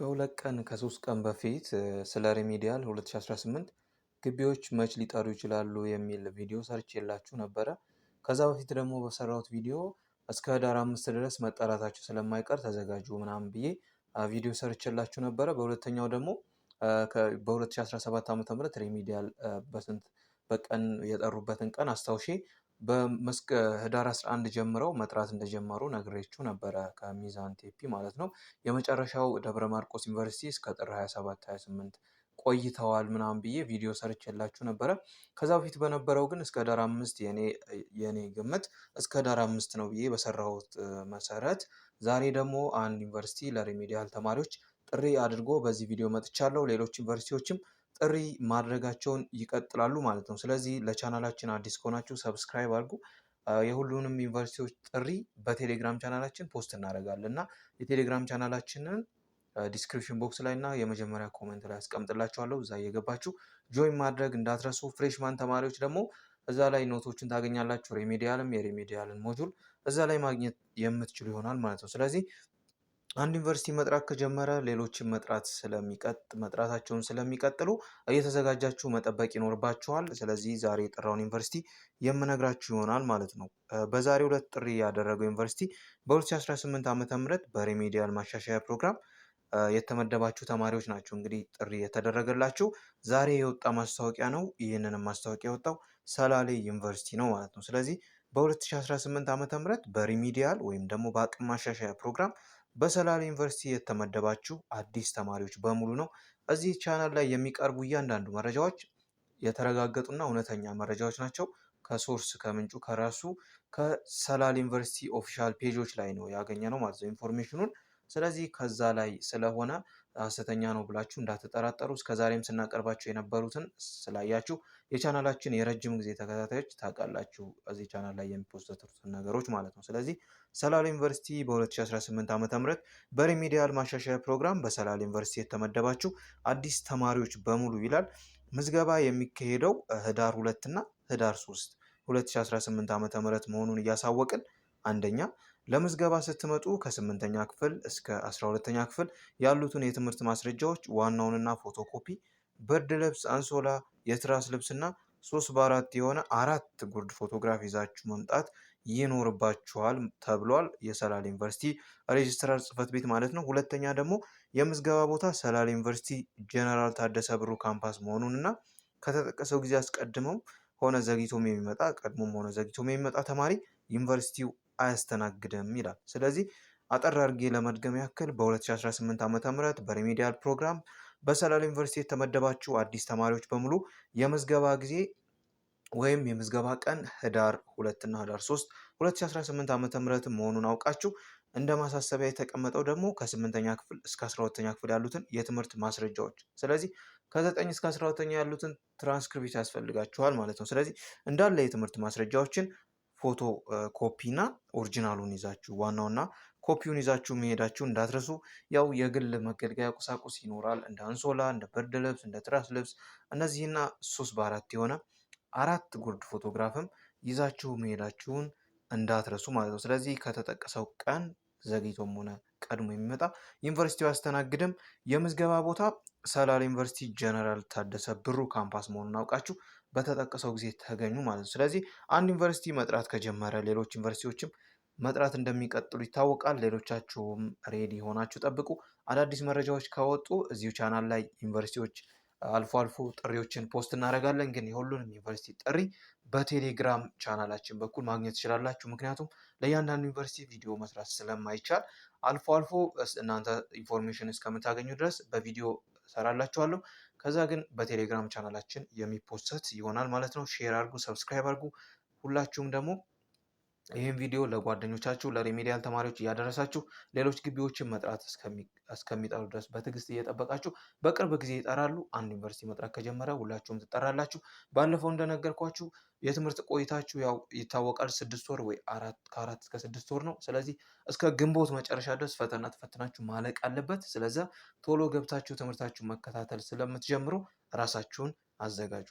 ከሁለት ቀን ከሶስት ቀን በፊት ስለ ሪሚዲያል 2018 ግቢዎች መች ሊጠሩ ይችላሉ የሚል ቪዲዮ ሰርች የላችሁ ነበረ። ከዛ በፊት ደግሞ በሰራሁት ቪዲዮ እስከ ህዳር አምስት ድረስ መጠራታቸው ስለማይቀር ተዘጋጁ ምናምን ብዬ ቪዲዮ ሰርች የላችሁ ነበረ። በሁለተኛው ደግሞ በ2017 ዓ ም ሪሚዲያል በስንት በቀን የጠሩበትን ቀን አስታውሼ ህዳር 11 ጀምረው መጥራት እንደጀመሩ ነግሬችሁ ነበረ ከሚዛን ቴፒ ማለት ነው። የመጨረሻው ደብረ ማርቆስ ዩኒቨርሲቲ እስከ ጥር 27 28 ቆይተዋል ምናምን ብዬ ቪዲዮ ሰርች የላችሁ ነበረ። ከዛ በፊት በነበረው ግን እስከ ህዳር አምስት የኔ ግምት እስከ ህዳር አምስት ነው ብዬ በሰራሁት መሰረት ዛሬ ደግሞ አንድ ዩኒቨርሲቲ ለሪሜዲያል ተማሪዎች ጥሪ አድርጎ በዚህ ቪዲዮ መጥቻለሁ። ሌሎች ዩኒቨርሲቲዎችም ጥሪ ማድረጋቸውን ይቀጥላሉ ማለት ነው። ስለዚህ ለቻናላችን አዲስ ከሆናችሁ ሰብስክራይብ አድርጉ። የሁሉንም ዩኒቨርሲቲዎች ጥሪ በቴሌግራም ቻናላችን ፖስት እናደርጋለን እና የቴሌግራም ቻናላችንን ዲስክሪፕሽን ቦክስ ላይ እና የመጀመሪያ ኮመንት ላይ አስቀምጥላችኋለሁ። እዛ እየገባችሁ ጆይን ማድረግ እንዳትረሱ። ፍሬሽማን ተማሪዎች ደግሞ እዛ ላይ ኖቶችን ታገኛላችሁ። ሬሜዲያልም የሬሜዲያልን ሞጁል እዛ ላይ ማግኘት የምትችሉ ይሆናል ማለት ነው። ስለዚህ አንድ ዩኒቨርሲቲ መጥራት ከጀመረ ሌሎችን መጥራት ስለሚቀጥ መጥራታቸውን ስለሚቀጥሉ እየተዘጋጃችሁ መጠበቅ ይኖርባችኋል። ስለዚህ ዛሬ የጠራውን ዩኒቨርሲቲ የምነግራችሁ ይሆናል ማለት ነው። በዛሬ ሁለት ጥሪ ያደረገው ዩኒቨርሲቲ በ2018 ዓ ም በሪሜዲያል ማሻሻያ ፕሮግራም የተመደባችሁ ተማሪዎች ናቸው እንግዲህ ጥሪ የተደረገላችሁ። ዛሬ የወጣ ማስታወቂያ ነው። ይህንንም ማስታወቂያ የወጣው ሰላሌ ዩኒቨርሲቲ ነው ማለት ነው። ስለዚህ በ2018 ዓ ም በሪሚዲያል ወይም ደግሞ በአቅም ማሻሻያ ፕሮግራም በሰላሌ ዩኒቨርሲቲ የተመደባችሁ አዲስ ተማሪዎች በሙሉ ነው። እዚህ ቻናል ላይ የሚቀርቡ እያንዳንዱ መረጃዎች የተረጋገጡና እውነተኛ መረጃዎች ናቸው። ከሶርስ ከምንጩ ከራሱ ከሰላሌ ዩኒቨርሲቲ ኦፊሻል ፔጆች ላይ ነው ያገኘ ነው ማለት ነው ኢንፎርሜሽኑን ስለዚህ ከዛ ላይ ስለሆነ ሐሰተኛ ነው ብላችሁ እንዳትጠራጠሩ። እስከዛሬም ስናቀርባችሁ የነበሩትን ስላያችሁ የቻናላችን የረጅም ጊዜ ተከታታዮች ታውቃላችሁ፣ እዚህ ቻናል ላይ የሚፖስተቱትን ነገሮች ማለት ነው። ስለዚህ ሰላሌ ዩኒቨርሲቲ በ2018 ዓ ም በሪሚዲያል ማሻሻያ ፕሮግራም በሰላል ዩኒቨርሲቲ የተመደባችሁ አዲስ ተማሪዎች በሙሉ ይላል ምዝገባ የሚካሄደው ህዳር ሁለት እና ህዳር ሶስት 2018 ዓ ም መሆኑን እያሳወቅን አንደኛ ለምዝገባ ስትመጡ ከስምንተኛ ክፍል እስከ አስራ ሁለተኛ ክፍል ያሉትን የትምህርት ማስረጃዎች ዋናውንና ፎቶኮፒ፣ ብርድ ልብስ፣ አንሶላ፣ የትራስ ልብስና ሶስት በአራት የሆነ አራት ጉርድ ፎቶግራፍ ይዛችሁ መምጣት ይኖርባችኋል ተብሏል። የሰላል ዩኒቨርሲቲ ሬጅስትራር ጽህፈት ቤት ማለት ነው። ሁለተኛ ደግሞ የምዝገባ ቦታ ሰላል ዩኒቨርሲቲ ጀነራል ታደሰ ብሩ ካምፓስ መሆኑን እና ከተጠቀሰው ጊዜ አስቀድመው ሆነ ዘግይቶም የሚመጣ ቀድሞም ሆነ ዘግይቶም የሚመጣ ተማሪ ዩኒቨርሲቲው አያስተናግድም ይላል። ስለዚህ አጠር አድርጌ ለመድገም ያክል በ2018 ዓ.ም በሪሜዲያል ፕሮግራም በሰላል ዩኒቨርሲቲ የተመደባችሁ አዲስ ተማሪዎች በሙሉ የምዝገባ ጊዜ ወይም የምዝገባ ቀን ህዳር ሁለት እና ህዳር 2018 ዓ ምህረት መሆኑን አውቃችሁ እንደ ማሳሰቢያ የተቀመጠው ደግሞ ከ ከ8ኛ ክፍል እስከ 12 ሁለተኛ ክፍል ያሉትን የትምህርት ማስረጃዎች ስለዚህ ከ9 እስከ አስራ ሁለተኛ ያሉትን ትራንስክሪፕት ያስፈልጋችኋል ማለት ነው። ስለዚህ እንዳለ የትምህርት ማስረጃዎችን ፎቶ ኮፒ ኦሪጂናሉን ይዛችሁ ዋናውና ኮፒውን ይዛችሁ መሄዳችሁ እንዳትረሱ። ያው የግል መገልገያ ቁሳቁስ ይኖራል እንደ አንሶላ፣ እንደ ብርድ ልብስ፣ እንደ ትራስ ልብስ እነዚህና ሶስት በአራት የሆነ አራት ጉርድ ፎቶግራፍም ይዛችሁ መሄዳችሁን እንዳትረሱ ማለት ነው። ስለዚህ ከተጠቀሰው ቀን ዘግይቶም ሆነ ቀድሞ የሚመጣ ዩኒቨርሲቲው አያስተናግድም። የምዝገባ ቦታ ሰላሌ ዩኒቨርሲቲ ጀነራል ታደሰ ብሩ ካምፓስ መሆኑን አውቃችሁ በተጠቀሰው ጊዜ ተገኙ ማለት ነው። ስለዚህ አንድ ዩኒቨርሲቲ መጥራት ከጀመረ ሌሎች ዩኒቨርሲቲዎችም መጥራት እንደሚቀጥሉ ይታወቃል። ሌሎቻችሁም ሬዲ ሆናችሁ ጠብቁ። አዳዲስ መረጃዎች ከወጡ እዚሁ ቻናል ላይ ዩኒቨርሲቲዎች አልፎ አልፎ ጥሪዎችን ፖስት እናደርጋለን። ግን የሁሉንም ዩኒቨርሲቲ ጥሪ በቴሌግራም ቻናላችን በኩል ማግኘት ትችላላችሁ። ምክንያቱም ለእያንዳንዱ ዩኒቨርሲቲ ቪዲዮ መስራት ስለማይቻል አልፎ አልፎ እናንተ ኢንፎርሜሽን እስከምታገኙ ድረስ በቪዲዮ ሰራላችኋለሁ። ከዛ ግን በቴሌግራም ቻናላችን የሚፖሰት ይሆናል ማለት ነው። ሼር አድርጉ፣ ሰብስክራይብ አርጉ። ሁላችሁም ደግሞ ይህም ቪዲዮ ለጓደኞቻችሁ ለሪሜዲያል ተማሪዎች እያደረሳችሁ ሌሎች ግቢዎችን መጥራት እስከሚጠሩ ድረስ በትዕግስት እየጠበቃችሁ በቅርብ ጊዜ ይጠራሉ። አንድ ዩኒቨርሲቲ መጥራት ከጀመረ ሁላችሁም ትጠራላችሁ። ባለፈው እንደነገርኳችሁ የትምህርት ቆይታችሁ ያው ይታወቃል። ስድስት ወር ወይ ከአራት እስከ ስድስት ወር ነው። ስለዚህ እስከ ግንቦት መጨረሻ ድረስ ፈተና ተፈትናችሁ ማለቅ አለበት። ስለዚ ቶሎ ገብታችሁ ትምህርታችሁ መከታተል ስለምትጀምሩ ራሳችሁን አዘጋጁ።